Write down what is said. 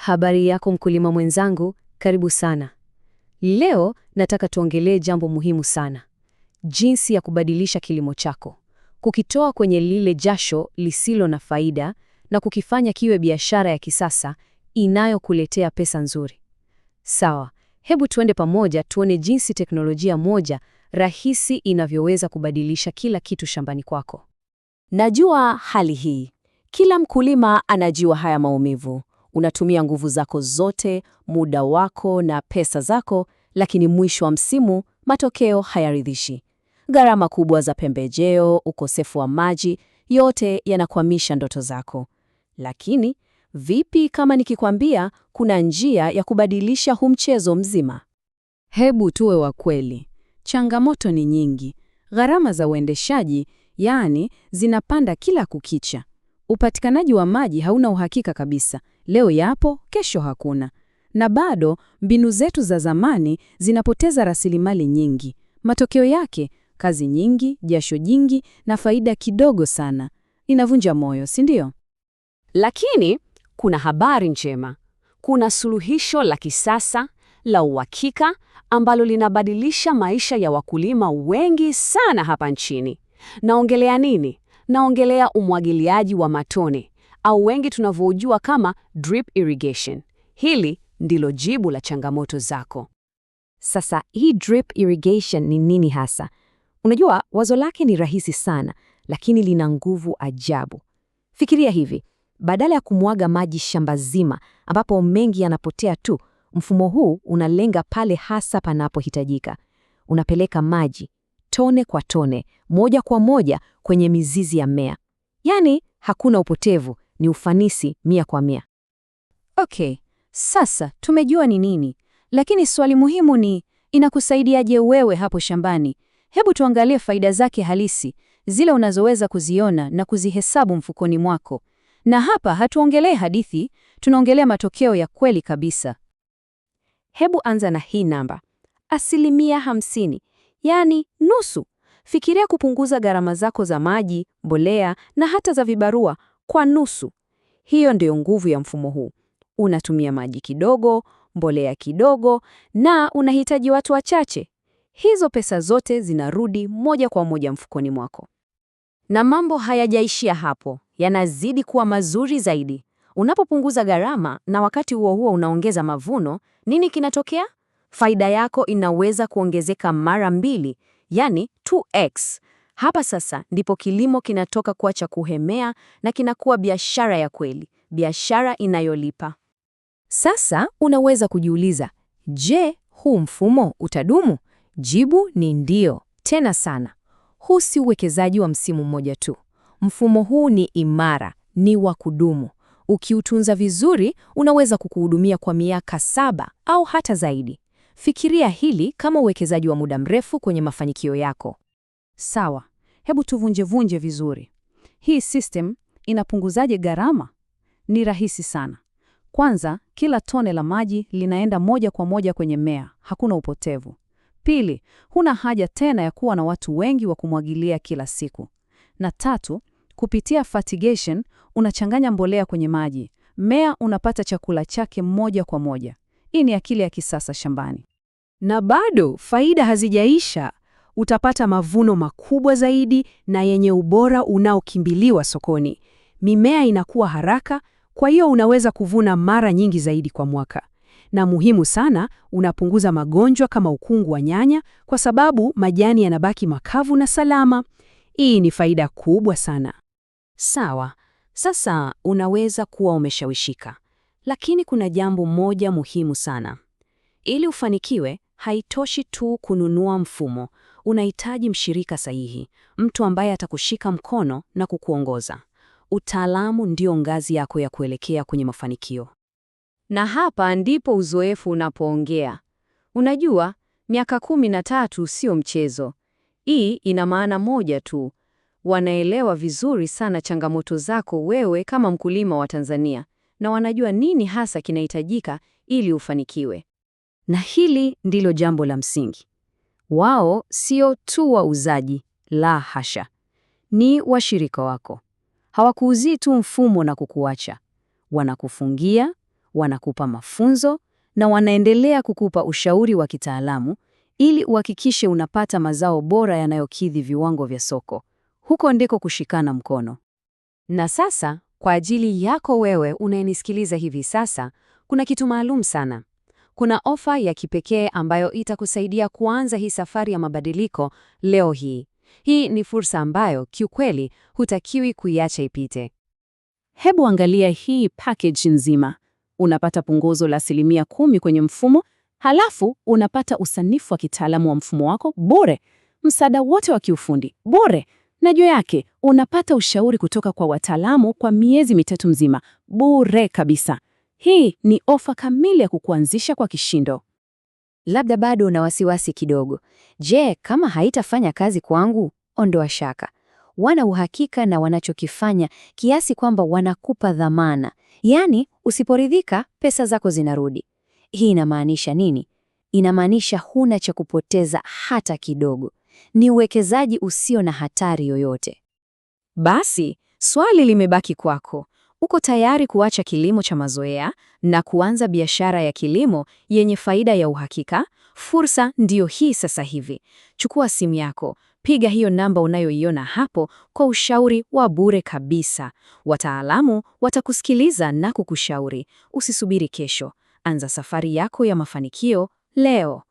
Habari yako mkulima mwenzangu, karibu sana. Leo nataka tuongelee jambo muhimu sana, jinsi ya kubadilisha kilimo chako, kukitoa kwenye lile jasho lisilo na faida na kukifanya kiwe biashara ya kisasa inayokuletea pesa nzuri. Sawa, hebu tuende pamoja tuone jinsi teknolojia moja rahisi inavyoweza kubadilisha kila kitu shambani kwako. Najua hali hii, kila mkulima anajua haya maumivu unatumia nguvu zako zote, muda wako na pesa zako, lakini mwisho wa msimu matokeo hayaridhishi. Gharama kubwa za pembejeo, ukosefu wa maji, yote yanakwamisha ndoto zako. Lakini vipi kama nikikwambia kuna njia ya kubadilisha huu mchezo mzima? Hebu tuwe wa kweli, changamoto ni nyingi. Gharama za uendeshaji, yaani, zinapanda kila kukicha. Upatikanaji wa maji hauna uhakika kabisa, leo yapo, kesho hakuna. Na bado mbinu zetu za zamani zinapoteza rasilimali nyingi. Matokeo yake kazi nyingi, jasho jingi na faida kidogo sana. Inavunja moyo, si ndio? Lakini kuna habari njema. Kuna suluhisho la kisasa la uhakika ambalo linabadilisha maisha ya wakulima wengi sana hapa nchini. Naongelea nini? naongelea umwagiliaji wa matone au wengi tunavyojua kama drip irrigation. Hili ndilo jibu la changamoto zako. Sasa hii drip irrigation ni nini hasa? Unajua, wazo lake ni rahisi sana, lakini lina nguvu ajabu. Fikiria hivi, badala ya kumwaga maji shamba zima ambapo mengi yanapotea tu, mfumo huu unalenga pale hasa panapohitajika. Unapeleka maji tone kwa tone, moja kwa moja kwenye mizizi ya mmea. Yaani hakuna upotevu, ni ufanisi mia kwa mia. Okay, sasa tumejua ni nini, lakini swali muhimu ni inakusaidiaje wewe hapo shambani? Hebu tuangalie faida zake halisi, zile unazoweza kuziona na kuzihesabu mfukoni mwako. Na hapa hatuongelee hadithi, tunaongelea matokeo ya kweli kabisa. Hebu anza na hii namba asilimia hamsini yaani nusu. Fikiria kupunguza gharama zako za maji, mbolea na hata za vibarua kwa nusu. Hiyo ndiyo nguvu ya mfumo huu. Unatumia maji kidogo, mbolea kidogo, na unahitaji watu wachache. Hizo pesa zote zinarudi moja kwa moja mfukoni mwako. Na mambo hayajaishia hapo, yanazidi kuwa mazuri zaidi. Unapopunguza gharama na wakati huo huo unaongeza mavuno, nini kinatokea? faida yako inaweza kuongezeka mara mbili, yani 2x. Hapa sasa ndipo kilimo kinatoka kuwa cha kuhemea na kinakuwa biashara ya kweli, biashara inayolipa. Sasa unaweza kujiuliza, je, huu mfumo utadumu? Jibu ni ndio, tena sana. Huu si uwekezaji wa msimu mmoja tu. Mfumo huu ni imara, ni wa kudumu. Ukiutunza vizuri, unaweza kukuhudumia kwa miaka saba au hata zaidi. Fikiria hili kama uwekezaji wa muda mrefu kwenye mafanikio yako. Sawa, hebu tuvunjevunje vizuri. Hii system inapunguzaje gharama? Ni rahisi sana. Kwanza, kila tone la maji linaenda moja kwa moja kwenye mmea, hakuna upotevu. Pili, huna haja tena ya kuwa na watu wengi wa kumwagilia kila siku. Na tatu, kupitia fertigation unachanganya mbolea kwenye maji, mmea unapata chakula chake moja kwa moja. Hii ni akili ya kisasa shambani na bado faida hazijaisha. Utapata mavuno makubwa zaidi na yenye ubora unaokimbiliwa sokoni. Mimea inakuwa haraka, kwa hiyo unaweza kuvuna mara nyingi zaidi kwa mwaka. Na muhimu sana, unapunguza magonjwa kama ukungu wa nyanya kwa sababu majani yanabaki makavu na salama. Hii ni faida kubwa sana. Sawa, sasa unaweza kuwa umeshawishika, lakini kuna jambo moja muhimu sana. Ili ufanikiwe, haitoshi tu kununua mfumo, unahitaji mshirika sahihi, mtu ambaye atakushika mkono na kukuongoza. Utaalamu ndio ngazi yako ya kuelekea kwenye mafanikio. Na hapa ndipo uzoefu unapoongea. Unajua, miaka kumi na tatu sio mchezo. Hii ina maana moja tu, wanaelewa vizuri sana changamoto zako wewe kama mkulima wa Tanzania, na wanajua nini hasa kinahitajika ili ufanikiwe. Na hili ndilo jambo la msingi. Wao sio tu wauzaji, la hasha. Ni washirika wako. Hawakuuzii tu mfumo na kukuacha. Wanakufungia, wanakupa mafunzo na wanaendelea kukupa ushauri wa kitaalamu ili uhakikishe unapata mazao bora yanayokidhi viwango vya soko. Huko ndiko kushikana mkono. Na sasa, kwa ajili yako wewe unayenisikiliza hivi sasa, kuna kitu maalum sana. Kuna ofa ya kipekee ambayo itakusaidia kuanza hii safari ya mabadiliko leo hii. Hii ni fursa ambayo kiukweli hutakiwi kuiacha ipite. Hebu angalia hii package nzima. Unapata punguzo la asilimia kumi kwenye mfumo, halafu unapata usanifu wa kitaalamu wa mfumo wako bure, msaada wote wa kiufundi bure, na juu yake unapata ushauri kutoka kwa wataalamu kwa miezi mitatu mzima bure kabisa. Hii ni ofa kamili ya kukuanzisha kwa kishindo. Labda bado una wasiwasi kidogo. Je, kama haitafanya kazi kwangu? Ondoa shaka. Wana uhakika na wanachokifanya kiasi kwamba wanakupa dhamana, yaani usiporidhika, pesa zako zinarudi. Hii inamaanisha nini? Inamaanisha huna cha kupoteza hata kidogo. Ni uwekezaji usio na hatari yoyote. Basi swali limebaki kwako. Uko tayari kuacha kilimo cha mazoea na kuanza biashara ya kilimo yenye faida ya uhakika? Fursa ndiyo hii sasa hivi. Chukua simu yako, piga hiyo namba unayoiona hapo kwa ushauri wa bure kabisa. Wataalamu watakusikiliza na kukushauri. Usisubiri kesho, anza safari yako ya mafanikio leo.